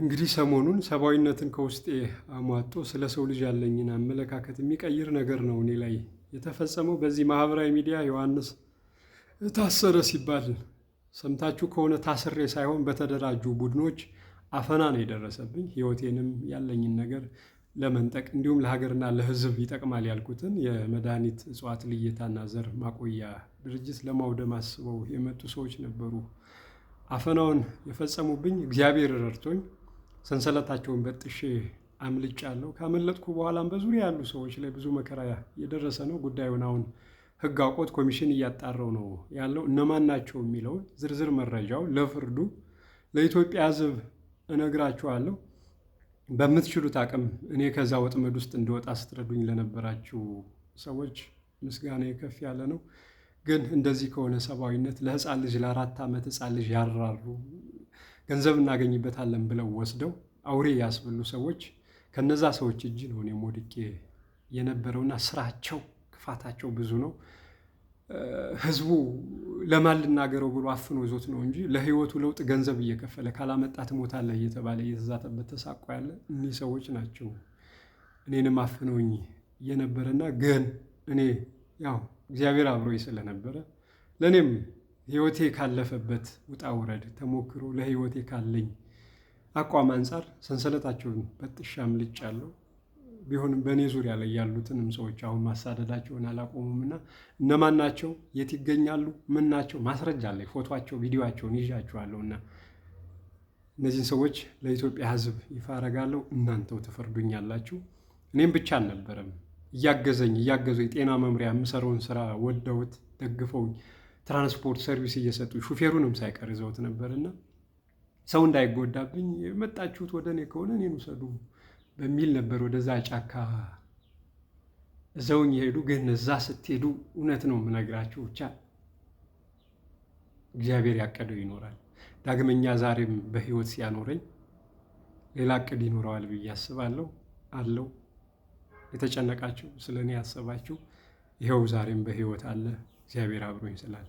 እንግዲህ ሰሞኑን ሰብአዊነትን ከውስጤ አሟጦ ስለ ሰው ልጅ ያለኝን አመለካከት የሚቀይር ነገር ነው እኔ ላይ የተፈጸመው። በዚህ ማህበራዊ ሚዲያ ዮሐንስ ታሰረ ሲባል ሰምታችሁ ከሆነ ታስሬ ሳይሆን በተደራጁ ቡድኖች አፈና ነው የደረሰብኝ። ህይወቴንም ያለኝን ነገር ለመንጠቅ እንዲሁም ለሀገርና ለህዝብ ይጠቅማል ያልኩትን የመድኃኒት እጽዋት ልየታና ዘር ማቆያ ድርጅት ለማውደም አስበው የመጡ ሰዎች ነበሩ። አፈናውን የፈጸሙብኝ እግዚአብሔር ረድቶኝ ሰንሰለታቸውን በጥሼ አምልጫለሁ። ካመለጥኩ በኋላም በዙሪያ ያሉ ሰዎች ላይ ብዙ መከራ የደረሰ ነው። ጉዳዩን አሁን ሕግ አውቆት ኮሚሽን እያጣራው ነው ያለው። እነማን ናቸው የሚለውን ዝርዝር መረጃው ለፍርዱ ለኢትዮጵያ ሕዝብ እነግራችኋለሁ። በምትችሉት አቅም እኔ ከዛ ወጥመድ ውስጥ እንደወጣ ስትረዱኝ ለነበራችሁ ሰዎች ምስጋና ከፍ ያለ ነው። ግን እንደዚህ ከሆነ ሰብአዊነት ለህፃን ልጅ ለአራት ዓመት ህፃን ልጅ ያራሩ ገንዘብ እናገኝበታለን ብለው ወስደው አውሬ ያስብሉ ሰዎች ከነዛ ሰዎች እጅ ነው እኔም ወድቄ የነበረውና ስራቸው ክፋታቸው ብዙ ነው። ህዝቡ ለማን ልናገረው ብሎ አፍኖ ይዞት ነው እንጂ ለህይወቱ ለውጥ ገንዘብ እየከፈለ ካላመጣ ትሞታለህ እየተባለ እየተዛተበት ተሳቆ ያለ እኒህ ሰዎች ናቸው። እኔንም አፍነውኝ የነበረና ግን እኔ ያው እግዚአብሔር አብሮኝ ስለነበረ ለእኔም ህይወቴ ካለፈበት ውጣ ውረድ ተሞክሮ ለህይወቴ ካለኝ አቋም አንጻር ሰንሰለታቸውን በጥሻ አለው ቢሆንም በእኔ ዙሪያ ላይ ያሉትንም ሰዎች አሁን ማሳደዳቸውን አላቆሙምና እነማን ናቸው፣ የት ይገኛሉ፣ ምን ናቸው፣ ማስረጃ ላይ ፎቶቸው፣ ቪዲዮቸውን እና እነዚህን ሰዎች ለኢትዮጵያ ህዝብ ይፋ አረጋለሁ። እናንተው ትፈርዱኛላችሁ። እኔም ብቻ አልነበረም እያገዘኝ እያገዙ የጤና መምሪያ የምሰራውን ስራ ወደውት ደግፈውኝ ትራንስፖርት ሰርቪስ እየሰጡ ሹፌሩንም ሳይቀር ይዘውት ነበርና ሰው እንዳይጎዳብኝ የመጣችሁት ወደ እኔ ከሆነ እኔን ውሰዱ በሚል ነበር ወደዛ ጫካ እዘውኝ የሄዱ። ግን እዛ ስትሄዱ እውነት ነው የምነግራችሁ፣ ብቻ እግዚአብሔር ያቀደው ይኖራል። ዳግመኛ ዛሬም በህይወት ሲያኖረኝ ሌላ እቅድ ይኖረዋል ብዬ አስባለሁ አለው። የተጨነቃችሁ ስለ እኔ ያሰባችሁ ይኸው ዛሬም በህይወት አለ እግዚአብሔር አብሮኝ ስላል